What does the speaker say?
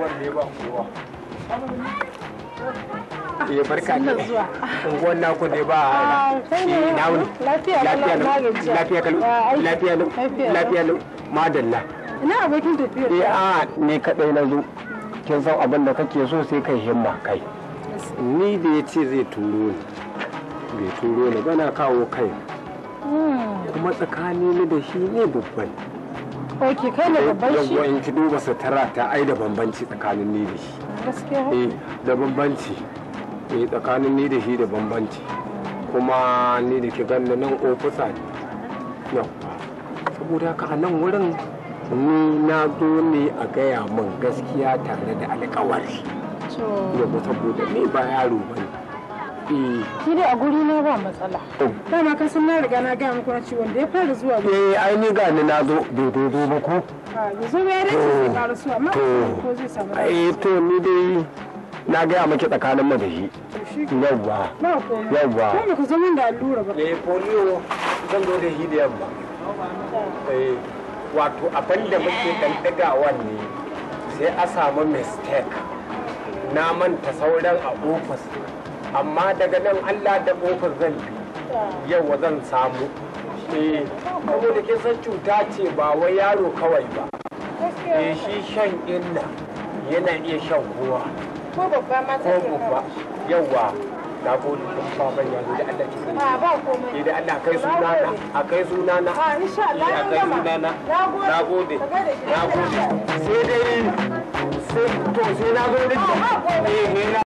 unguwar ne ba kowa eh, barka ne unguwar naku ne ba a ah, na wuni lafiya ah, lafiya lu lafiya lu madalla ina abokin tafiya eh a ne kadai na zo kin san abin da kake so sai kai himma kai ni da ya ce zai turo ni bai turo ni bana kawo kai hmm. kuma tsakani ni da shi ne babban ok kai ne babban shi in ki duba sutura ta ai da bambanci tsakanin ni da shi gaskiya eh da bambanci eh tsakanin ni da shi da bambanci kuma ni da ki ganna nan ofisa ne yau saboda a nan wurin ni na zo ne a gaya min gaskiya tare da alkawari yau saboda ni ba yaro bane Eh. Ni dai a guri na ba matsala. Dama ka na riga na gaya muku na ciwon da ya fara zuwa. Eh ai ni ko? yanzu ah, ya fara zuwa amma na gaya tsakanin mu da shi. Yawwa. Yawwa. Kai ku zama da allura ba. Eh polio zan zo da shi da yamma. Eh wato abin da muke dan dagawa ne sai a samu mistake na manta sauran a ofis amma daga nan Allah da ƙofar zan yau wa zan samu eh saboda kin san cuta ce ba wai yaro kawai ba eh shi shan inna yana iya shan kowa ko babba ma ko babba yawa na gode da baban ya zo da Allah ki sani ba komai eh, da Allah kai suna na a kai suna na a insha Allah a kai suna na na gode eh, na gode sai dai sai to sai na gode ne eh, ne na